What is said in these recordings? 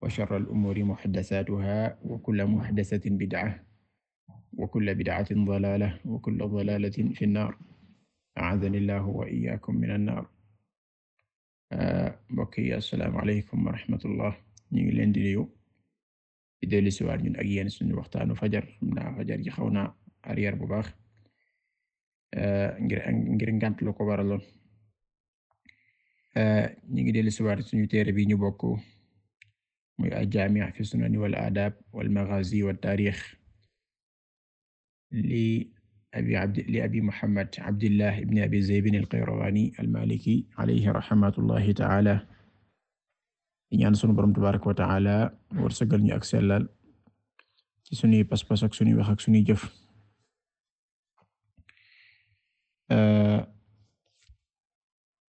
wa sharral umuuri muhdasaatuhaa wa kullu muhdasatin bid'a wa kullu bid'atin dalaala wa kullu dalaalatin fi nnaar a'aadhani llaahu wa iyyaakum mina nnaar. Mbokk yi, assalaamu aleykum wa rahmatullah. Ñu ngi leen di nuyu di dellusi waat ñun ak yéen suñu waxtaanu fajar xam naa fajar ji xaw na arrière bu baax euh, ngir ngir ngànt lu ko waraloon. Euh, ñu ngi dellusi waat suñu téere bi ñu bokk. muy aljaami' fi sunani wal aadaab wal li abi muhammad abdillah ibn abi zaybin al-qayrawaani al ta'ala ñaan sunu borom tabaaraka wa ta'ala wërsëgal ñu ak sellal ci sunuy pas-pas ak sunuy wax ak sunuy jëf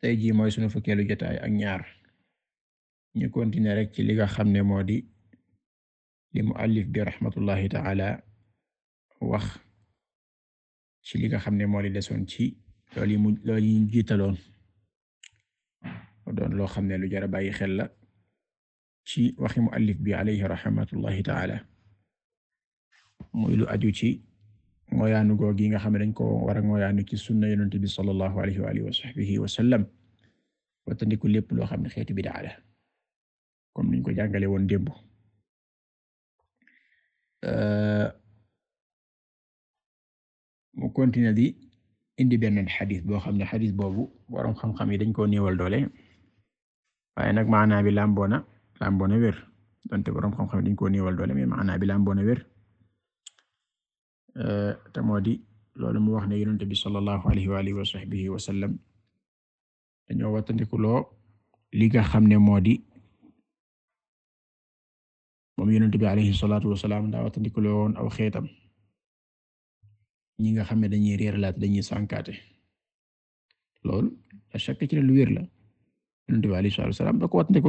tey mooy sunu fukkeelu jotaay ak ñu continuer rek ci li nga xam ne moo di li muallif bi raxmatullahi taala wax ci li nga xam ne moo di desoon ci loolu yi mu loolu yi doon loo xam ne lu jar a bàyyi xel la ci waxi muallif bi alayhi raxmatullahi taala muy lu aju ci ngooyaanu goo gi nga xam ne dañ ko war a ngooyaanu ci sunna yonent bi sallallahu alayhi wa alihi wa sahbihi wa sallam watandiku lépp loo xam ne xeetu bidaa la comme niñ ko jàngale woon démb euh, mu continuer di indi benn xadis boo xam ne xadis boobu borom xam-xam yi dañ koo néewal doole waaye nag maanaa bi làmboona làmboona wér donte borom xam-xam yi dañ koo néewal doole mais maanaa bi làmboona wér euh, te moo di loolu mu wax ne yonent bi wa alihi wa sahbihi wa sallam dañoo wattandiku loo li xam ne moo moom yonent bi alayhi salaatu wasalaam daa watandikuloo woon aw xeetam ñi nga xam ne dañuy réerlaat dañuy sànkaate loolu a chaque ci ne lu wér la yonent bi alayhi salaatu wasalaam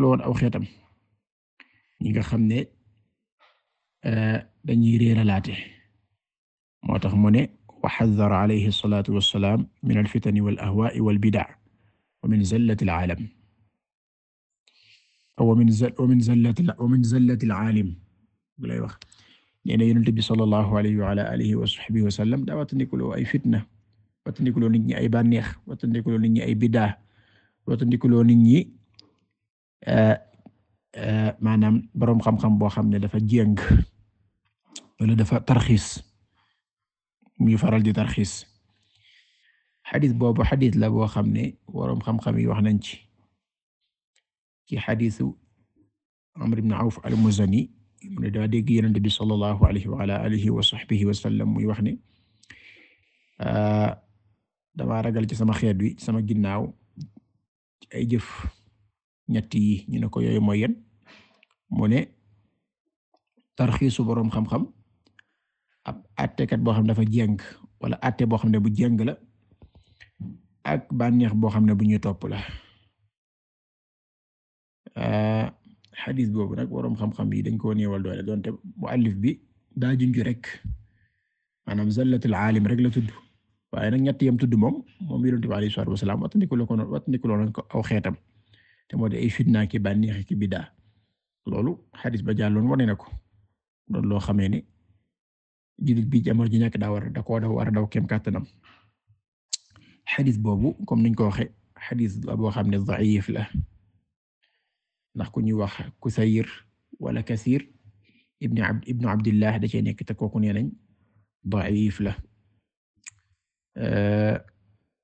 woon aw xeetam ñi nga xam ne eh, dañuy réeralaate moo tax mu ne wa xaddara alayhi salaatu wasalaam min alfitani wal ahwaa'i wal bida' wa min zallati wa min zall wa min zallati wa min zallati al-aalim lay wax nee na yonent bi sallallahu alayhi wa ala alihi wa sahbihi wa sallam daa wattandikuloo ay fitna wattandikuloo nit ñi ay bànneex wattandikuloo nit ñi ay biddaa wattandikuloo nit ñi maanaam boroom xam-xam boo xam ne dafa jéng wala dafa tarxiis muy faral di tarxiis xadis boobu xadis la boo xam ne boroom xam-xam yi wax nañ ci. ci xadisu Amr ibn Awf al-Muzani mu ne daa dégg Yonent bi sallallahu alayhi wa ala alihi wa sahbihi wa sallam muy wax ne dama ragal ci sama xeet wi sama ginnaaw ay jëf ñett ñu ne ko yooyu mooy yen mu ne tarxiisu boroom xam-xam ab attekat boo xam ne dafa jeng wala atte boo xam ne bu jeng la ak bànneex boo xam ne bu ñu topp la Euh, xadis boobu nag boroom xam-xam yi dañ koo néewal doole donte muallif bi daa junj rek maanaam zallatul aalim rek la tudd waaye nag ñett yam tudd moom moom yonent bi alayhi salaatu wasalaam wattandiku la ko wattandiku loon ko aw xeetam te moo de ay fitna ki bànneex ki biddaa loolu xadis ba jàlloon wone na ko doon loo xamee ni jullit bi jamono ji ñàkk daa war da koo daw war a daw kàttanam xadis boobu comme niñ ko waxe xadis la boo xam ne da'if la ndax ku ñuy wax Kusayr wala Kasir ibnu ab ibnu Abdillah da cee nekk te kooku nee nañ da'if la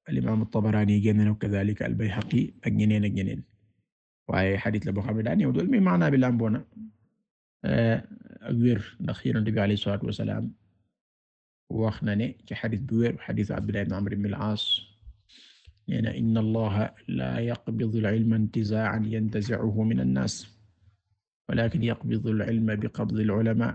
al-imam at-Tabarani génn na kadhalika al-Bayhaqi ak ñeneen ak ñeneen waaye xadis la boo xam ne daa néew dool mais maanaa bi lamboo na ak wér ndax Yonent bi alayhi salaatu wa salaam wax na ne ci xadis bu wér xadis Abdullah ibn Amr ibn al-As nee na inna allaha laa yaqbidu al-ilma intizaa'an yantazi'uhu min an-naas walaakin yaqbidu al-ilma biqabdi al-'ulamaa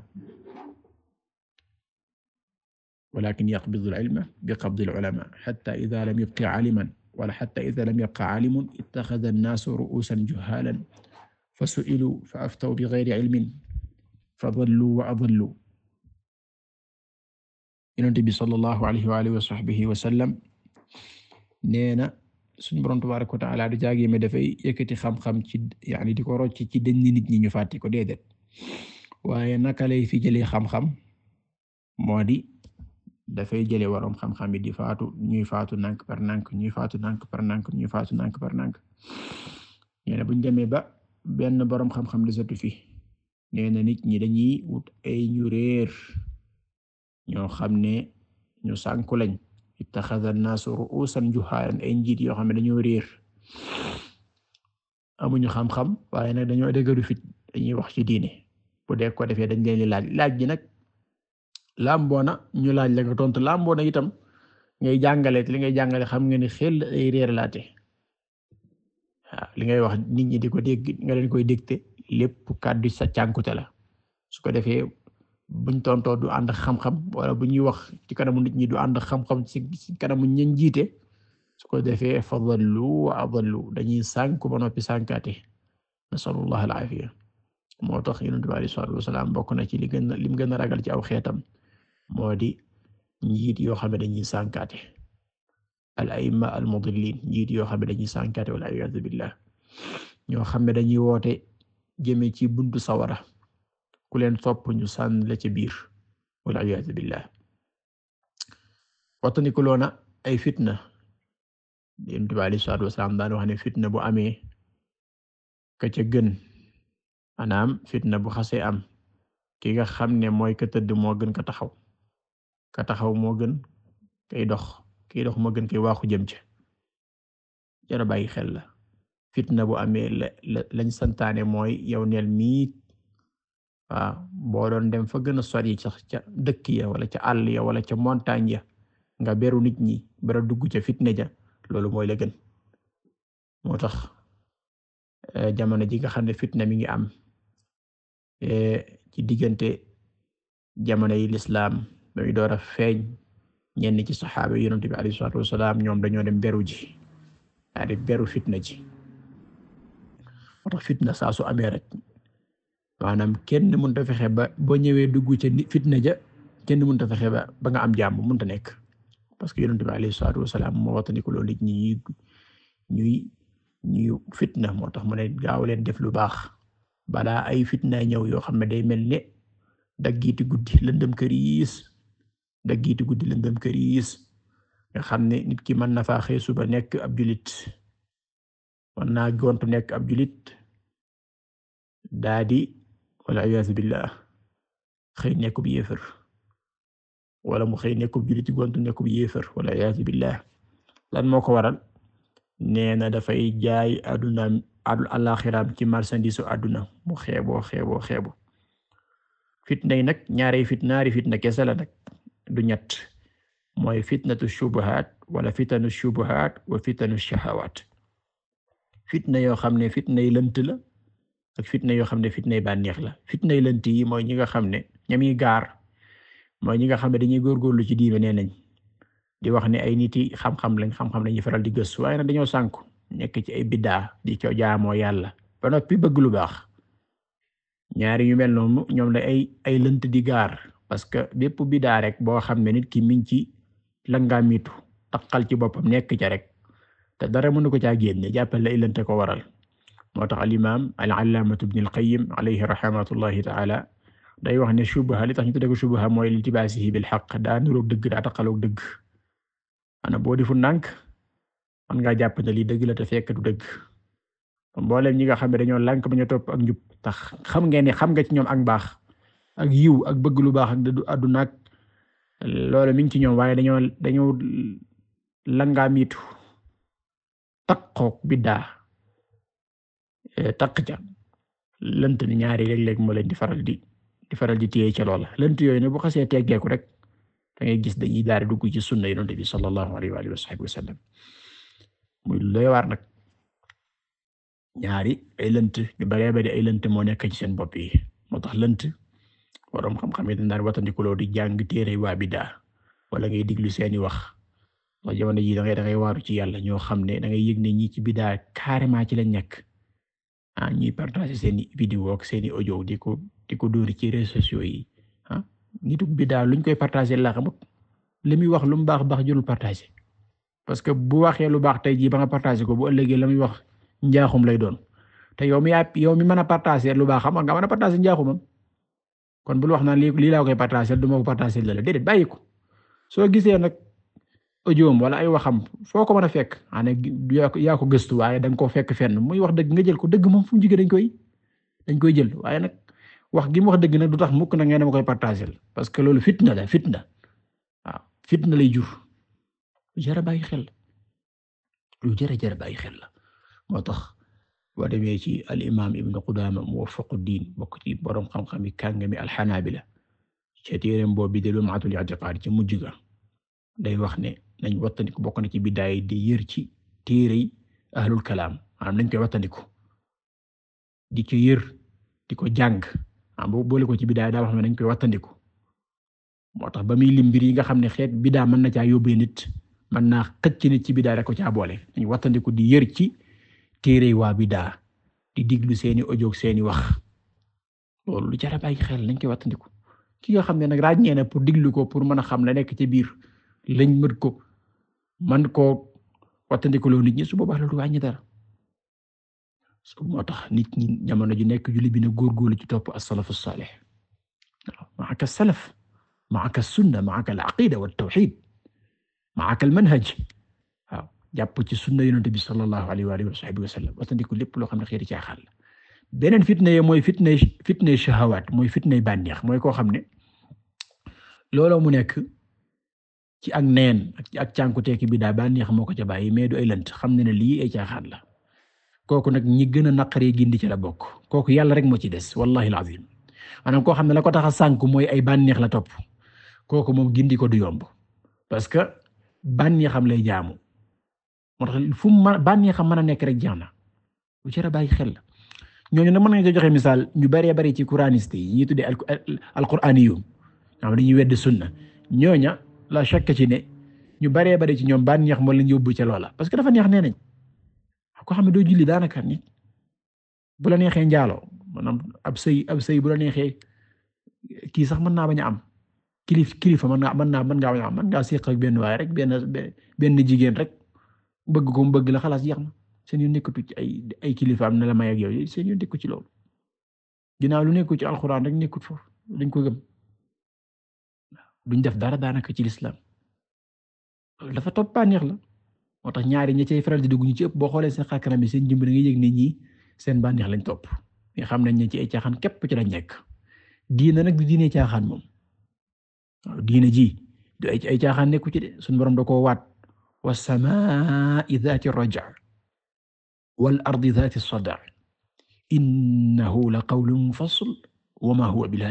walaakin yaqbidu al-ilma biqabdi al-'ulamaa hattaa izaa lam yabqa 'aaliman wala hattaa izaa lam yabqa 'aalimun ittaxaza an-naasu ru'uusan juhhaalan fasu'iluu fa-aftaw bighayri 'ilmin fadalluu wa adalluu. Yonent bi sallallahu alayhi wa aalihi wa sahbihi wa sallam nee na suñu borom tabaaraka wa ta'aala du jaage mi dafay yëkkati xam-xam ci yaani di ko rocci ci dënn nit ñi ñu fàtte ko déedéet waaye naka lay fi jëlee xam-xam moo di dafay jële waroom xam-xam di faatu ñuy faatu nànk par nànk ñuy faatu nànk par nànk ñuy faatu nànk par nànk nee buñ demee ba benn borom xam-xam di sotti fi nee na nit ñi dañuy wut ay ñu ñoo xam ne ñu sànku lañ. ittaxada naasu ru'uusan juhaalan ay njiit yoo xam ne dañoo réer amuñu xam-xam waaye nag dañoo dëgëru fit dañuy wax ci diine bu dee ko defee dañ leen di laaj laaj gi nag làmboona ñu laaj la ko tontu làmboona itam ngay jàngale li ngay jàngale xam nga ne xel ay réer laate li ngay wax nit ñi di ko dégg nga leen koy dégte lépp kàddu sa cànkute la su ko defee buñ tontoo du ànd xam-xam wala bu ñuy wax ci kanamu nit ñi du ànd xam-xam ci kanamu ñen jiite su ko defee fa dallu wa adallu dañuy sànku ba noppi sànkaate nasalullah alaafiya moo tax yonent bi alayhi salaatu wasalaam bokk na ci li gën lim gën a ragal ci aw xeetam moo di njiit yoo xam ne dañuy sànkaate al aimma al mudillin njiit yoo xam ne dañuy sànkaate wal iyaadu billah ñoo xam ne dañuy woote jëme ci buntu sawara ku leen topp ñu sànn la ca biir waliyasu billah wattanikuloona ay fitna Yonent bi alayhi salaatu wax fitna bu ame ka ca gën anaam fitna bu xasee am ki nga xam ne mooy ka tëdd moo gën ka taxaw ka taxaw moo gën kay dox kiy dox moo gën kay waaxu jëm ca jara bàyyi xel la fitna bu amee la lañ santaane mooy yow neel miit waaw ah, boo dem fa gën a sori ca ca dëkk ya wala ca àll ya wala ca montagne ya nga beru nit ñi bara dugg ca fitna ja loolu mooy la moo tax eh, jamono ji nga xam ne fitna mi ngi am eh, ci diggante jamono yi lislaam dañu door a feeñ ñenn ci saxaaba yi yonent bi alayhi salaatu wasalaam ñoom dañoo dem beru ji daa di beru fitna ji moo tax fitna saa su maanaam kenn mënta fexe ba boo ñëwee dugg ca fitna ja kenn mënta fexe ba ba nga am jàmm mënta nekk parce que yonent bi alayhi salaatu wasalaam moo wattandiku loolu nit ñi ñuy ñuy fitna moo tax mu ne gaaw leen def lu baax balaa ay fitna ñëw yoo xam ne day mel ne daggiiti guddi lëndëm da daggiiti guddi lëndëm këriis nga xam ne nit ki mën na faa xëy suba nekk ab julit mën na gontu nekk ab julit daadi wal iyaazu billah xëy nekkub wala mu xëy nekkub jullit gontu nekkub yéefar wal iyaazu billah lan moo ko waral nee na dafay jaay addunaam adul alaxiraam ci marsandisu adduna mu xeeboo xeeboo xeebo fitna yi nag ñaari fitnaari fitna kese la nag du ñett mooy fitnatu shubuhaat wala fitanu shubuhaat wa fitanu shahawaat fitna yoo xam ne fitna yi ak fitna yoo xam ne fitnay bànneex la fitnay lënt yi mooy ñi nga xam ne ñami gaar mooy ñi nga xam ne dañuy góorgóorlu ci diime nee nañ di wax ne ay nit yi xam-xam lañ xam-xam lañuy faral di gëstu waaye nag dañoo sànku nekk ci ay biddaa di ko jaamoo yàlla ba noppi bëgg lu baax ñaari yu mel noonu ñoom la ay ay lënt di gaar parce que bépp biddaa rek boo xam ne nit ki miñ ci langaamitu taqal ci boppam nekk ca rek te dara mënu ko caa génne jàppal la lënt ko waral moo tax alimaam alamatu allaamatu ibn al-qayyim alayhi rahmatullahi taala day wax ne shubha li tax ñu tudde ko shubha mooy iltibaasihi bil xaq daa niroog dëgg daa taqaloog dëgg ana boo defu nànk man ngaa jàpp ne dëgg la te fekk du dëgg mboolem ñi nga xam dañoo lànk ba ñu topp ak njub tax xam ngeen ne xam nga ci ñoom ak baax ak yiw ak bëgg lu baax ak dëddu àdduna ak loolu mi ngi ci ñoom waaye dañoo dañoo langaamitu takkook biddaa Eh, taq ja lënt ni ñaari léeg-léeg moo leen di faral di di faral di téye ca loola lënt yooyu ne bu xasee teggeeku rek da ngay gis dañuy daal dugg ci sunna yonent bi sallallahu alayhi wa alihi wa sahbihi wasallam muy looy waar ñaari ay lënt ñu baree bari ay lënt moo nekk ci seen bopp yi moo tax lënt waroom xam-xam yi dañ daan watandikuloo di jàng téere waa bidaa wala ngay diglu seeni wax loo jamono ji da ngay da ngay waaru ci yàlla ñoo xam ne da ngay yëg ne ñi ci bidaa carrément ci lañ nekk ah ñuy partager seeni vidéo ak seeni audio di ko ko dóori ci réseaux sociaux yi ah nitu bidaa luñ koy partager la xamut li muy wax lu mu baax baax jëlul partager parce que bu waxee lu baax tey jii ba nga partager ko bu ëllëgee la muy wax njaaxum lay doon te yow mi yaa yow mi mën a partager lu baax xam nga mën a partager njaaxumam kon bul wax naan lii lii laa koy partager du ma ko partager la déedéet bàyyi ko soo gisee audioom wala ay waxam foo ko mën a fekk xanaa yaa ko gëstu waaye da nga koo fekk fen muy wax dëgg nga jël ko dëgg moom fu mu jugee dañ koy dañ koy jël waaye nag wax gim wax dëgg na du tax mukk nag ngeen ma koy partagé parce que loolu fitna la fitna waaw fitna lay jur lu jar a bàyyi xel lu jar a jar la moo tax boo demee ci al imaam Ibn Qudaama Muwaffaqud-Diin bokk ci borom xam-xam yi kàngami al-Hanaabila ci téereem boobu bi de Lum'atul I'tiqaad ci mujj ga day wax ne. nañ wattandiku bokk na ci bidaay di yër ci téere yi ahlul kalaam maanaam nañ koy wattandiku di ko yër di ko jàng maanaam boo ko ci bidaay daa wax ne nañ koy wattandiku moo tax ba muy lim yi nga xam ne xeet bidaa mën na caa yóbbee nit mën naa xëcc ci bidaa rek ko caa boole nañ wattandiku di yër ci téere wa waa bidaa di diglu seeni audio seeni wax loolu lu jar a bàyyi nañ koy wattandiku ki nga xam ne nag ràññee na pour diglu ko pour mën a xam la nekk ci biir lañ mën ko man koo wattandikuloo nit ñi su boobaa a wàññi dara su moo tax nit ñi jamono ji nekk julli bi na góorgóorlu ci topp as-salafu salih ma'aka as-salaf ma'aka as-sunna ma'aka al-aqida wa jàpp ci sunna yonent bi sallallahu alayhi wa alihi wa sahbihi wa sallam loo xam ne xeeti caaxaan la beneen fitna yi mooy fitnay fitnay shahawaat mooy fitnay bànneex mooy koo xam ne looloo mu nekk ci ak neen ak ci ak cànkuteeki bi daa bànneex moo ko ca bàyyi mais du ay lënt xam ne ne lii ay caaxaan la kooku nag ñi gën a naqaree gindi ca la bokk kooku yàlla rek moo ci des wallahi alazim maanaam koo xam ne la ko tax a sànku mooy ay bànneex la topp kooku moom gindi ko du yomb parce que bànneexam lay jaamu moo tax fu mu mën bànneexam mën a nekk rek jeex na lu jar a bàyyi xel la ñooñu nag mën nga joxe misaal ñu baree bari ci coraniste yi ñuy tuddee al alquraaniyu dañuy wedd sunna ñooña la chàkk ci ne ñu baree bari ci ñoom bànneex moo leen yóbbu ca loola parce que dafa neex nee nañ ko xam ne doo julli daanaka nit bu la neexee njaalo maanaam ab sëy ab sëy bu la neexee kii sax mën naa bañ am kilif kilifa mën naa mën naa mën a am mën ngaa ak benn waay rek benn benn jigéen rek bëgg ko mu bëgg la xalaas yeex ma seen yu nekkatu ci ay ay kilifa am na la may ak seen yu nekku ci loolu ginnaaw lu nekku ci alxuraan rek nekkut a dañ ko gëm. duñ def dara daanaka ci lislaam dafa topp bànneex la moo tax ñaari ña cay faral di dugg ñu ci ëpp boo xoolee seen xarkanam yi seen jëmb da nga ñi seen bànneex lañ topp nga xam nañ ne ci ay caaxaan képp ci lañ nekk diina nag du diine caaxaan moom diina ji du ay ay nekku ci de suñu borom da koo waat was-samaa'i zaati raja' wal ardi zaati sadaa innahu la qawlun fasl wa huwa bil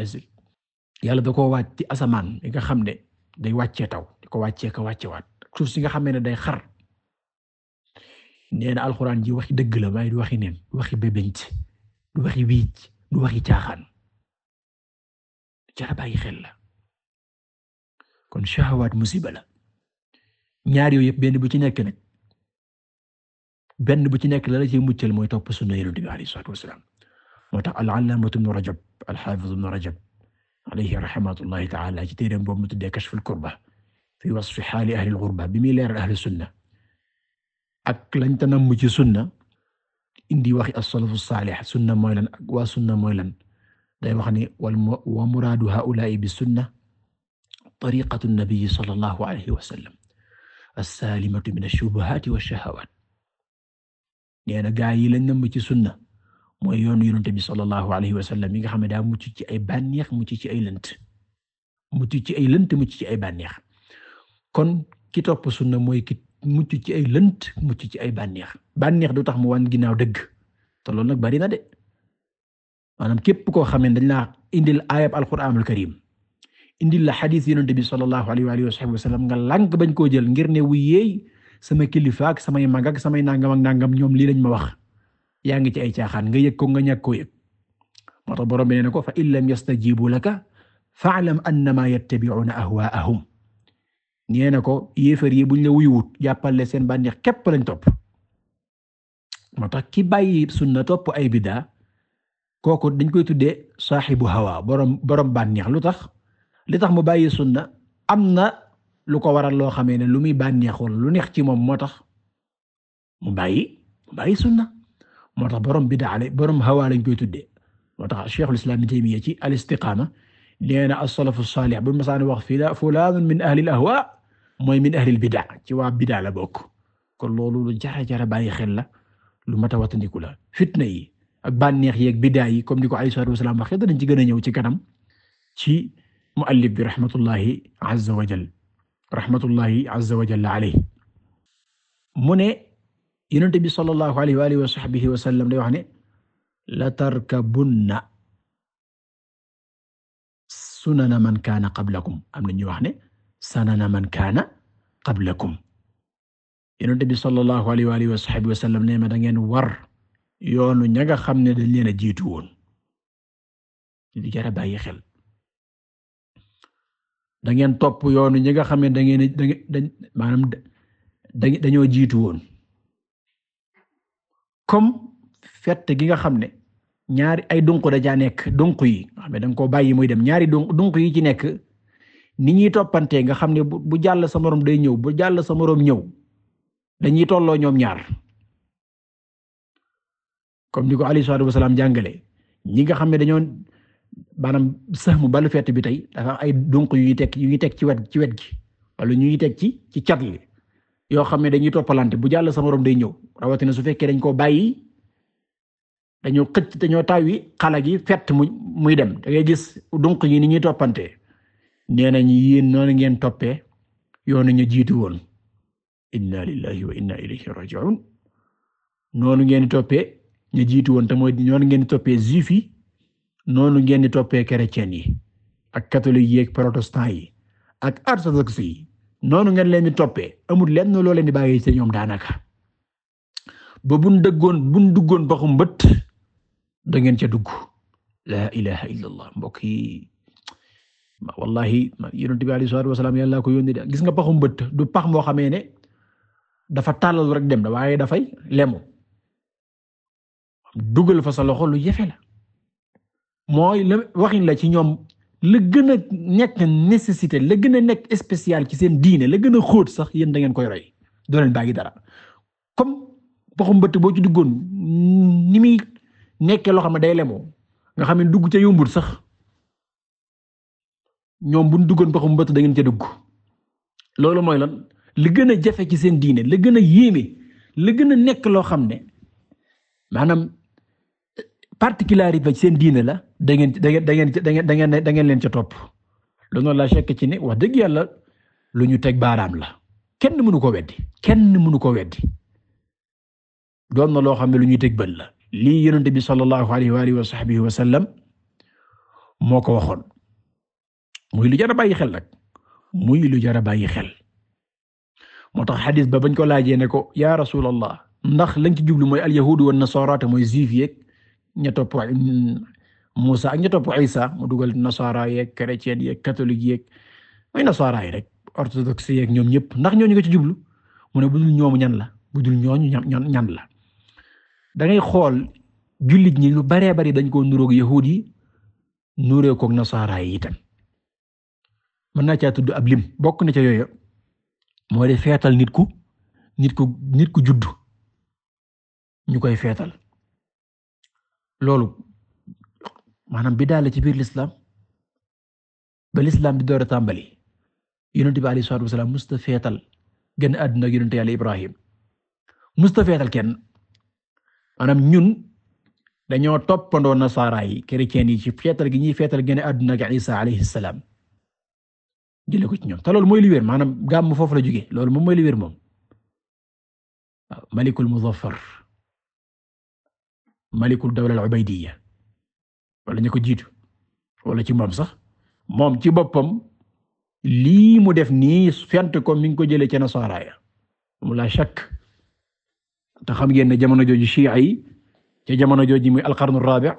yàlla da ko waat ci asamaan yi nga xam ne day wàccee taw di ko wàccee ka wàccewaat suuf si nga xamee ne day xar nee alxuraan ji waxi dëgg la waaye du waxi neen du waxi bébént du waxi wiic du waxi caaxaan jara xel la kon shahawaat musiba la ñaar yooyu yëpp benn bu ci nekk nag benn bu ci nekk la ci muccal mooy topp sunna tax al-allaamatu ibnu Rajab al-haafiz ibnu Rajab alayhi rahmatullahi taala ci téeréem boobu mu tuddee kashful kurba fi wasfi xaali ahlil xurba bi muy leeral ahli sunna ak lañ ta namm ci sunna indi waxi as-salafu saalih sunna mooy lan ak waa sunna mooy lan day wax ni wal wa muraadu haa'ulaa'i bi sunna tariqatu nabii sallallahu alayhi wa sallam as-saalimatu min ash-shubuhaati wash-shahawaat nee na gaa yi lañ namm ci sunna mooy yoonu yonente bi sallallahu alayhi wa sallam yi nga xam ne daa mucc ci ay bànneex mucc ci ay lënt mucc ci ay lënt mucc ci ay bànneex kon ki topp sunna mooy ki mucc ci ay lënt mucc ci ay bànneex bànneex du tax mu wan ginnaaw dëgg te loolu nag bari na de maanaam képp koo xam ne dañ indi indil ayab alquranul karim indil la xadis yonente bi sallallahu alayhi wa sallam nga lànk bañ koo jël ngir ne wu sama kilifa samay mag ak samay nangam ak nangam ñoom lii lañ ma wax. yaa ngi ci ay caaxaan nga yëg ko nga ñàkk ko yëg moo tax borom bi nee na ko fa in lam yastajibu laka fa'lam annama yattabi'una ahwaa'ahum nee na ko yéefar yi buñ la wuyuwut jàppale seen bànneex képp lañ topp moo tax ki bàyyi sunna topp ay biddaa kooku dañ koy tuddee saaxibu hawa borom borom bànneex lu tax li tax mu bàyyi sunna am na lu ko waral loo xamee ne lu muy bànneexoon lu neex ci moom moo tax mu bàyyi mu bàyyi sunna moo tax borom bidaa la borom hawaa lañ koy tuddee moo tax Cheikhul Islam Taymiya ci al istiqaama nee na as-salafu saalih bu masaan wax fii la fulaanun min ahlil mooy min ahlil bidaa ci waa bidaa la bokk kon loolu lu jara jara bàyyi xel la lu mat a watandiku la fitna yi ak bànneex yi ak bidaa yi comme ni ko alayhi salaatu wasalaam waxee danañ ci gën a ñëw ci kanam ci muallif bi rahmatullahi azza wa jalla rahmatullahi azza wa jalla alayhi mu ne yonent bi sallallahu alayhi wa alihi wa sahbihi wa sallam day la tarkabunna sunana man kaana qablakum am na ñuy wax ne sanana man kaana qablakum yonent bi sallallahu alayhi wa alihi wa ma da war yoonu ña xam ne dañ a jiitu woon di jara ngeen topp yoonu ñi xam ne da ngeen dañoo jiitu woon comme fett gi nga xam ne ñaari ay dunq da nekk dunq yi nga xam ne da ko bàyyi mooy dem ñaari dunq dunq yi ci nekk ni ñuy toppantee nga xam ne bu jàll sa moroom day ñëw bu jàll sa moroom ñëw dañuy tolloo ñoom ñaar comme ni ko alayhi salaatu wasalaam jàngale ñi nga xam ne dañoo maanaam sax mu balu fett bi tey dafa ay dunq yu ñuy teg yu ñuy teg ci wet ci wet gi wala ñu ñuy teg ci ci cat li yoo xam ne dañuy toppalante bu jàll sa morom day ñëw rawatina su fekkee dañ koo bàyyi dañoo xëcc dañoo tawi yi xala gi fett mu muy dem da ngay gis donc yi ni ñuy toppante nee nañ yéen noonu ngeen toppee yoonu ñu jiitu woon inna lillahi wa inna ilayhi raji'un noonu ngeen di toppee ñu jiitu woon te mooy noonu ngeen toppee juif yi noonu ngeen di toppee chrétien yi ak catholique yi ak protestant yi ak orthodoxe noonu ngeen leen di toppee amul leen loo leen di bàyyi ci ñoom daanaka ba buñ dëggoon buñ duggoon ba xum bët da ngeen ca dugg laa ilaha illallah mbokk yi wallahi yonent bi alayhi salaatu wasalaam yàlla ko yónni de gis nga paxum bët du pax moo xamee ne dafa tàllalu rek dem da waaye dafay lemu dugal fa sa loxo lu jafe la mooy waxin la ci ñoom la gën a nekk nécessité la gën a nekk spécial ci seen diine la gën a xóot sax yéen da ngeen koy rey doo baa bàyyi dara comme boxum bëtt boo ci duggoon ni muy nekkee loo xam ne day lemoo nga xam ne dugg ca sax ñoom bu ñu duggoon boxum da ngeen ca dugg loolu mooy lan la gën a jafe ci seen diine la gën a yéeme la gën a nekk loo xam ne maanaam particularité ci seen diine la. da ngeen da ngeen da ngeen da ngeen da ngeen leen ca topp loolu noonu laa fekk ci ne wax dëgg yàlla lu ñu teg baaraam la kenn mënu ko weddi kenn mënu ko weddi doon na loo xam ne lu ñuy teg bët la lii yonent bi sallallahu alayhi wa alihi wa sahbihi wa sallam moo ko waxoon muy lu jar a bàyyi xel nag muy lu jar bàyyi xel moo tax xadis ba bañ ko laajee ne ko ya rasulallah ndax lañ ci jublu mooy al yahudu wa nasara te mooy juif yeeg ña topp Musa ak ñu topp Isa mu dugal nasaara yeeg chrétien yeeg catholique yeeg mooy nasaara yi rek orthodoxe yeeg ñoom ñëpp ndax ñooñu nga ci jublu mu ne budul ñoomu ñan la budul ñooñu ñan ñan la dangay xool jullit ñi lu baree bari dañ koo nuroog yahuud yi nuree koog nasaara yi itam mën naa caa tudd ab lim bokk na ca yooyu moo di feetal nit ku nit ku nit ku juddu ñu koy feetal loolu maanaam bidaa la ci biir lislaam ba lislaam bi door a tàmbali yonent bi alayhi salaatu wasalaam musta feetal gën àdduna ak yonent yàlla Ibrahim musta feetal kenn maanaam ñun dañoo toppandoo nasaara yi chrétien yi ci feetal gi ñuy feetal gën àdduna ak Isa alayhi salaam jëlee ko ci ñoom te loolu mooy li wér maanaam gàmm foofu la jógee loolu moom mooy li wér moom malikul muzaffar malikul dawla al ubaydiyya wala ñu ko jiitu wala ci moom sax moom ci boppam lii mu def nii fent ko mi ngi ko jëlee ca nasaara ya mu la shakk te xam ngeen ne jamono jooju shi'a yi ca jamono jooju muy alqarnu rabi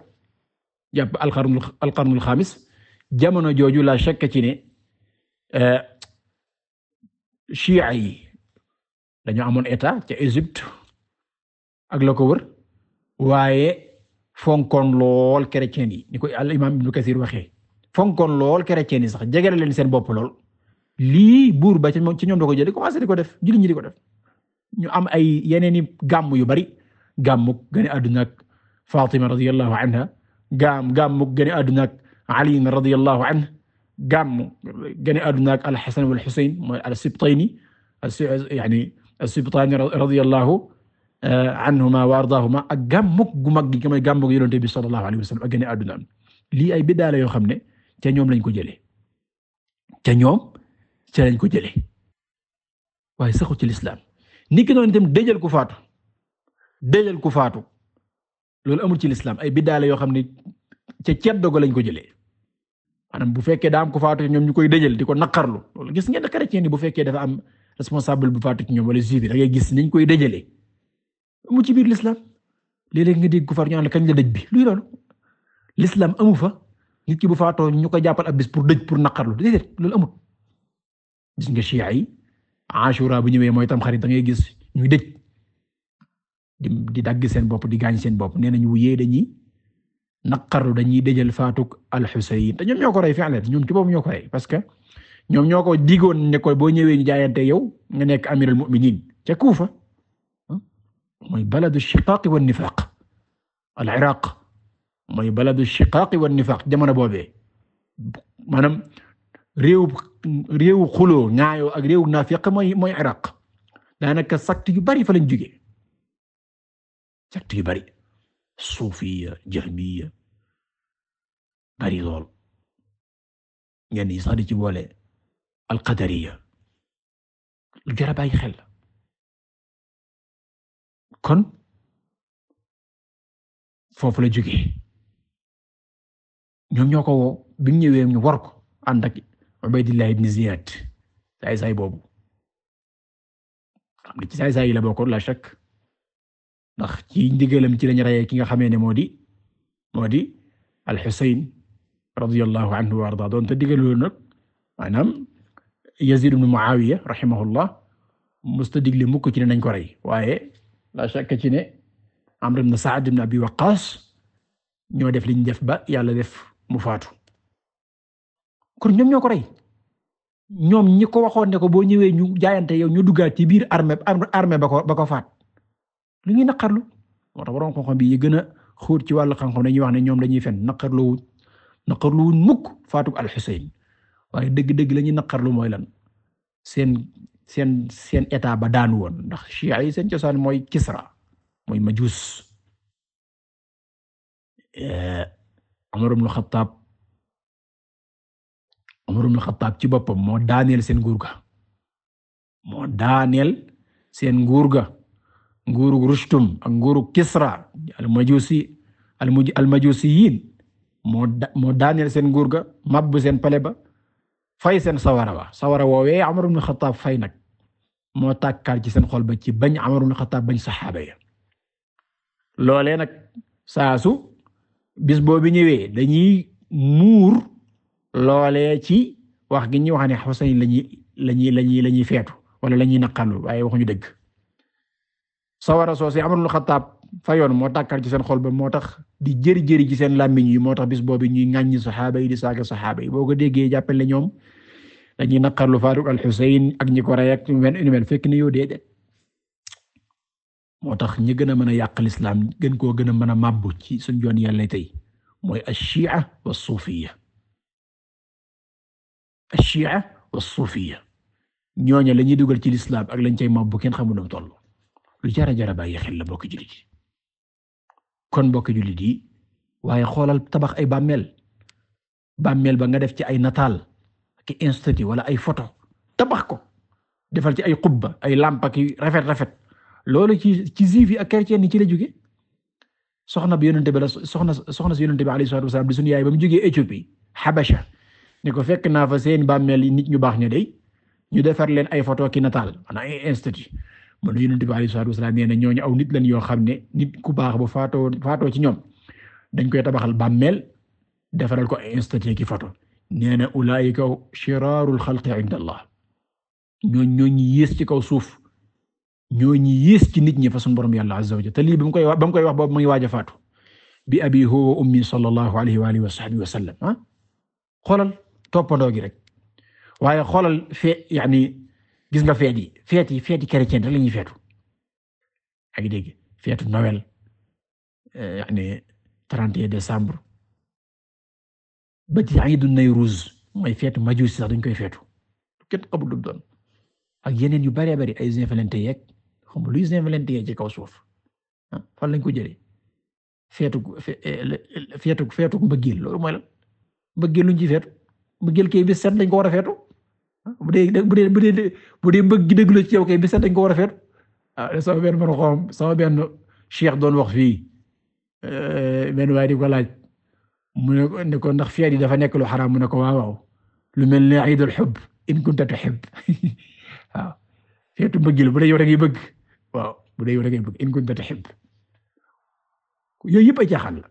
jàpp alqarnu alqarnu xaamis jamono jooju la shakk ci ne eh, shi'a yi dañoo amoon état ca Égypte ak la ko wër waaye fonkoon lool chrétien yi ni ko al imam ibnu kasir waxee fonkoon lool chrétien yi sax jegele leen seen bopp lool lii buur ba ci ñoom da ko jëlee commencé di ko def julli ñi di ko def ñu am ay yeneen i gàmm yu bari gàmmuk gane àdduna ak Fatima radiyallahu anha gàmm gàmmuk gane àdduna ak Ali radiyallahu anhu gàmm gane àdduna ak al-Hasan wal-Husayn mooy al-Sibtayni yani al-Sibtani radiyallahu Eh, anhuma wa ardaahuma ak gàmmug gu mag gi mooy gàmmug yonent bi sallallahu alayhi wa sallam ak gën a lii ay biddaa yoo xam ne ca ñoom lañ ko jëlee ñoom lañ ko waaye saxu ci lislaam niki noonu itam dëjël ku faatu dëjël ku faatu loolu amul ci lislaam ay biddaa la yoo xam ne ca ceddo ga lañ ko jëlee maanaam bu fekkee daa am ku faatu ñoom ñu koy dëjël di ko naqarlu loolu gis ngeen chrétien ni bu fekkee dafa am responsable bu faatu ci ñoom wala juif a ngay gis niñ koy dëjëlee. mu ci biir l'islam léeg-léeg nga dégg ku far kañ la dëj bi luy loolu l'islam amu fa nit ki bu faatoo ñu ko jàppal ab bis pour dëj pour naqarlu déedéet loolu amul gis nga chia yi ashura bu ñëwee mooy tam da ngay gis ñuy dëj di di dagg seen bopp di gaañ seen bopp nee nañu wuyee dañuy naqarlu dañuy dëjal faatuk al-Husayn te ñoom ñoo ko rey fi'lan ñoom ci bopp ñoo parce que ñoom ñoo ko digoon ne ko boo ñëwee ñu jaayante yow nga nekk amirul mu'minin ca fa mooy baladu shiqaaqi wa nifaaq al iraq mooy baladu shiqaaqi wa nifaaq jamono boobee maanaam réew réewu xuloo ñaayoo ak réewu naafiq mooy mooy iraq daanaka sakt yu bari fa lañ jóge sakt yu bari suufiya jahmiya bari lool ñenn yi sax di ci boole al qadariya lu jar a bàyyi xel kon foofu la jógee ñoom ñoo ko woo bi mu ñu war ko ànd ak Ubaydillah ibn Ziyad saay saay boobu xam ne saay saay la bokkoon la chak ndax ci ndigalam ci lañ rayee ki nga xamee ne moo di moo di al-Husayn radiyallahu anhu wa arda doon te digal loolu nag maanaam Yazid ibn Muawiya rahimahullah musta digle mukk ci ne nañ ko rey la shakka ci ne Amr ibn Sa'd ibn Abi Waqqas ñoo def liñ def ba yàlla def mu faatu kon ñoom ñoo ko rey ñoom ñi ko waxoon ne ko boo ñëwee ñu jaayante yow ñu duggaat ci biir armée armée ba ko ba ko faat lu ñuy naqarlu moo tax borom xam bi yi gën a xóot ci wàllu xam-xam wax ne ñoom dañuy fen naqarluwuñ naqarluwuñ mukk faatu al Xuseyn waaye dëgg-dëgg la ñuy naqarlu mooy lan seen seen état ba daanu woon ndax chia yi seen cosaan mooy Kisra mooy Majus Umar eh, ibn Xattaab Umar ibn Xattaab ci boppam moo daaneel seen nguur ga moo daaneel seen nguur ga nguurug Rustum ak nguurug Kisra al-Majusi al-Majusiyin moo moo daaneel seen nguur ga mabbu seen pale ba fay seen sawara wa sawara woowee Umar ibn Xattaab fay nag moo tàkkaat ci seen xol ba ci bañ Umar ibn Xattaab bañ saxaaba ya loolee nag saasu bis boobu ñëwee dañuy muur loolee ci wax gi ñuy wax ne Xuseyn lañuy lañuy lañuy lañuy feetu wala lañuy naqandu waaye waxuñu dëgg sawara soo si Umar ibn Xattaab fayoon moo tàkkaat ci seen xol ba moo tax di jëri jëri ci seen làmmiñ yi moo tax bis boobu ñuy ŋàññi saxaaba yi di saaga saxaaba yi boo ko déggee jàppale ñoom dañuy naqarlu faatu al-Husayn ak ñi ko rey ak ñu mel fekk ni yow déedéet moo tax ñi gën a mën a yàq lislaam gën koo gën a mën a màbbu ci suñ joon yàlla tey mooy ash-Shi'a wa suufiya ash suufiya ñooña la ñuy dugal ci lislaam ak lañ cay màbbu kenn xamu na tollu lu jara jara bàyyi xel la bokk jullit kon bokk jullit yi waaye xoolal tabax ay bàmmeel bàmmeel ba nga def ci ay nataal ki institut wala ay photo tabax ko defal ci ay xubba ay lampa ki rafet rafet loolu ci ci juif yi a chrétien yi ci la jóge soxna bi yonente bi la soxna soxna si yonente bi alayhi salaatu wasalaam di suñu yaay ba mu jógee Éthiopie Habasha ni ko fekk naa fa seen bàmmeel yi nit ñu baax ña day ñu defar leen ay photo ki nataal maanaam ay institut mën yonente bi alayhi salaatu wasalaam nee na ñooñu aw nit lañ yoo xam ne nit ku baax bu faatoo faatoo ci ñoom dañ koy tabaxal bàmmeel defaral ko ay institut ki photo nee na ulaayika shiraarul xalqi inda allah ñoo ñoo ñi yées ci kaw suuf ñoo ñi yées ci nit ñi fa sunu borom yàlla azza wa te lii ba mu koy ba mu koy wax boobu mu ngi faatu bi abi huwa wa ummi sallallahu alayhi wa alihi wa sahbihi wa sallam ah gi rek waaye xoolal fee yaani gis nga feet yi feet yi feeti chrétien rek la ñuy feetu ak dégg feetu Noël eh, yaani ba ci iidu Nayruz mooy feetu majuus sax dañ koy feetu kenn xamul doon ak yeneen yu bari bari ay Saint-Valentin yeeg xam luy Saint-Valentin ci kaw suuf ah fan lañ ko jëlee feetu eh, feetu feetu mbëggeel loolu mooy lan mbëggeel luñ ci feetu mbëggeel kay bis set lañ ko war a feetu ah, bu dee bu mbëgg gi dëgg la ci yow kay bis set lañ ko war a ah, benn man doon wax fii eh, benn waaye di ko laaj. mu ne ko ne ko yi dafa nekk lu xaraam mu ne ko waaw lu mel ni iidul xubb in kunta tuhib waaw feetu mbëggil bu dee yow rek bëgg waaw bu dee yow rek yi bëgg yooyu yëpp ay caaxaan la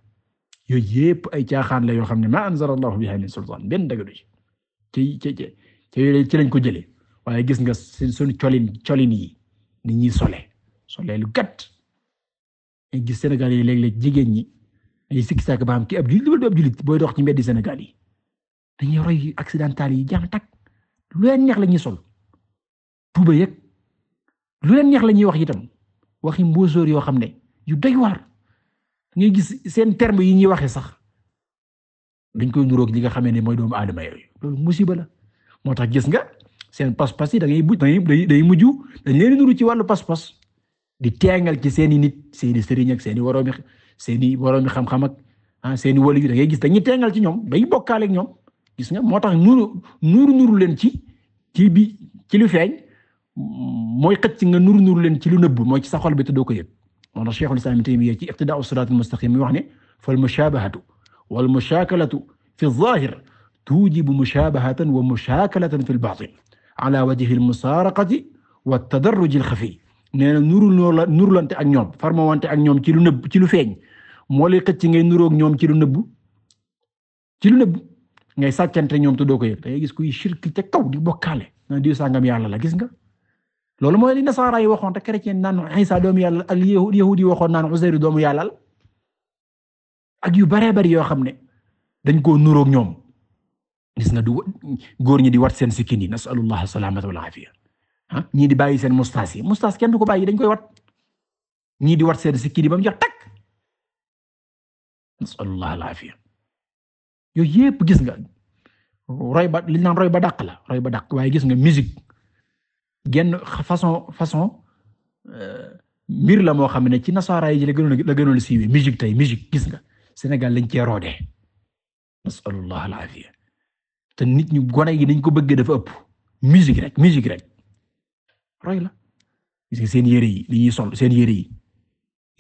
yooyu ay caaxaan la yoo xam ne ma anzala bi biha min sultaan benn dëgg du ci ci ci ci ci lañ ko jëlee waaye gis nga sunu colin colin yi ni ñuy sole sole lu gàtt gis Sénégal yi léeg-léeg jigéen ñi. ay sikki sàkk ba am ki ab jullit wala du ab jullit booy dox ci mbeddi Sénégal yi dañuy roy accidental yi jàmm tak lu leen neex la ñuy sol tuuba yëg lu leen neex la ñuy wax itam waxi mbóosóor yoo xam ne yu doy waar ngay gis seen terme yi ñu waxee sax dañ koy nuroog li nga xamee ne mooy doomu adama yooyu loolu musiba la moo tax gis nga seen pas-pas yi da ngay bu day mujj dañ leen nuru ci wàllu pas di teengal ci seen seeni nit seeni sëriñ ak seeni waroomi seeni wala xam-xam ak ah seeni waliyu da ngay gis dañuy ci ñoom day bokkaale ak ñoom gis nga moo tax nuuru nuuru nuuru leen ci ci bi ci lu feeñ mooy xëcc nga nuuru nuuru leen ci lu nëbb mooy ci sa xol bi te doo ko yëg moo tax Cheikhul Islam ci iqtidaa'u siraatil mustaqiim mi wax ne fal mushaabahatu wal mushaakalatu fi zaahir tuujibu mushaabahatan wa mushaakalatan fi l-baatin ala wajhi l-musaaraqati wa tadarruji l-xafi nee na nuuru nuuru lante ak ñoom farma wante ak ñoom ci lu nëbb ci lu feeñ moo lay xëcc ngay nuroog ñoom ci lu nëbbu ci lu nëbbu ngay sàccante ñoom te doo ko yëg da ngay gis kuy shirk ca kaw di bokkaale na diw sàngam yàlla la gis nga loolu mooy li nasaara yi waxoon te chrétien naan Isa doomu yàlla ak yahud yi waxoon naan Usayr doomu yàlla la ak yu baree bari yoo xam ne dañ koo nuroog ñoom gis nga du góor ñi di wat seen sikkin yi nasalullah salaamata wal aafiya ah ñii di bàyyi seen mustaas yi mustaas kenn du ko bàyyi dañ koy wat ñii di wat seen sikkin yi nasalullah alaafiya yooyu yépp gis nga roy ba li ñu naan roy ba dàq la roy ba dàq waaye gis nga musique genn façon façon euh, la moo xam ne ci nasara yi la gënoon la gënoon siiwee musique tey musique gis nga Sénégal lañ cee roodee nasalullah alaafiya te nit ñu gone yi dañ ko bëggee dafa ëpp musique rek musique rek roy la seen yére yi li sol seen yére yi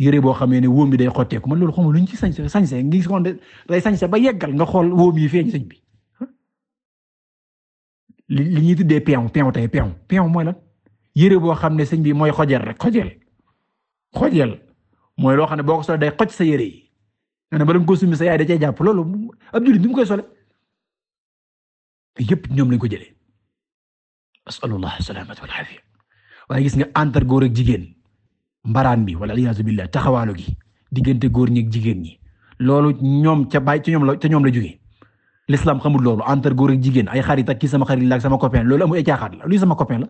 yére boo xamee ne wóom bi day xotteeku man loolu xamul luñ ci sañ sañ sa ngi xool de day sañ sa ba yeggal nga xool wóom yi feeñ sañ bi li li ñuy tuddee peew peew tey peew peew mooy lan yére boo xam ne sañ bi mooy xojeel rek xojeel xojeel mooy loo xam ne boo ko solee day xoj sa yére yi ne bala nga ko sa yaay da cee jàpp loolu ab jullit bi mu koy sole yëpp ñoom lañ ko jëlee asalullah salaamata wal aafiya waaye gis nga antar ak jigéen mbaraan bi wala iyaazu billah taxawaalo gi diggante góor ñi jigéen ñi loolu ñoom ca bàyyi ca ñoom la ca ñoom la jógee l'islam xamul loolu entre góor ak jigéen ay xarita ak sama xarit la ak sama copain loolu mooy ay caaxaat la luy sama copain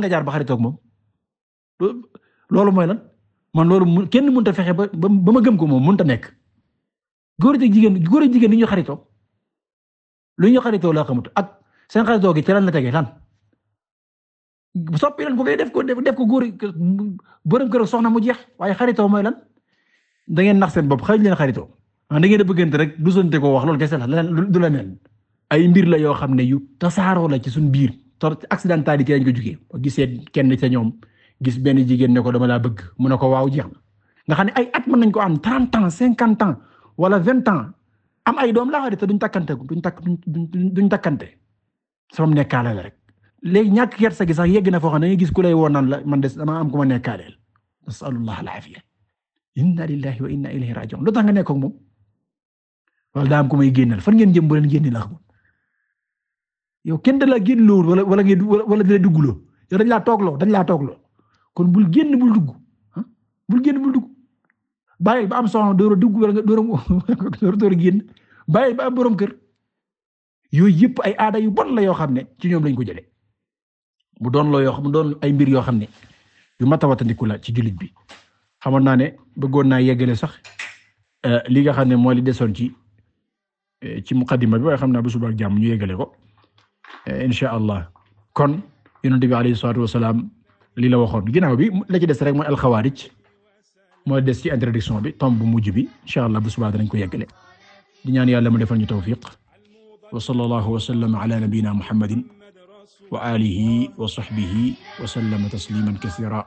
nga jaar ba xarit ak moom loolu mooy lan man loolu kenn mënut a fexe ba ba ma gëm ko moom mënut a nekk góor ak jigéen góor jigéen ni ñu xaritoo lu ñu xaritoo laa xamut ak seen xaritoo gi ci lan la tege lan soppi leen ko def ko def ko góor borom kër soxna mu jeex waaye xaritoo mooy lan da ngeen nax seen bopp xëy leen xaritoo ah, da ngeen a bëggante rek du sonte ko wax loolu kese la du la mel ay mbir la yoo xam ne yu tasaaroo la ci suñ biir tor accidentalité lañ ko jugee gisee kenn ca ñoom gis benn jigéen ne ko dama laa bëgg mu ne ko waaw jeex na nga xam ne ay at mën nañ ko am trente ans cinquante ans wala vingt ans am ay doom laa xarit te duñ takkante duñ takk duñ takkante sama nekkaale la rek léegi ñàkk kersa gi sax yegg na foo xam ne da gis ku lay woo naan la man des damaa am ku ma nekkaadeel nasalullah alaafiya inna lillahi wa inna ilayhi rajiun lu tax nga nekk ak moom wala daa am ku may génnal fan ngeen jëm bu leen génne la xam yow kenn da laa génn lool wala wala ngeen wala da la duggloo yow laa toogloo dañ laa toogloo kon bul génn bul dugg ah? bul génn bul dugg ba am soxna door a dugg wala nga door a door a génn bàyyil ba am borom kër yooyu yëpp ay aada yu bon la yoo xam ne ci ñoom lañ ko jëlee. mu doon loo yoo mu doon ay mbir yoo xam ne yu mat a watandiku la ci jullit bi xamoon naa ne bëggoon naa yeggale sax euh, li nga xam ne moo li desoon ci euh, ci muqaddima bi waaye xam naa bu suba jàmm ñu yeggale ko euh, insha allah kon yonent bi alayhi salaatu wasalaam li la waxoon ginnaaw bi la ci des rek mooy alxawaarij moo des ci introduction bi tomb bu mujj bi insha allah bu suba danañ ko yeggale di ñaan yàlla mu defal ñu tawfiq wa sallallahu wa sallam ala nabiyyina muhammadin wa alihi wa sahbihi wa sallama tasliman kasira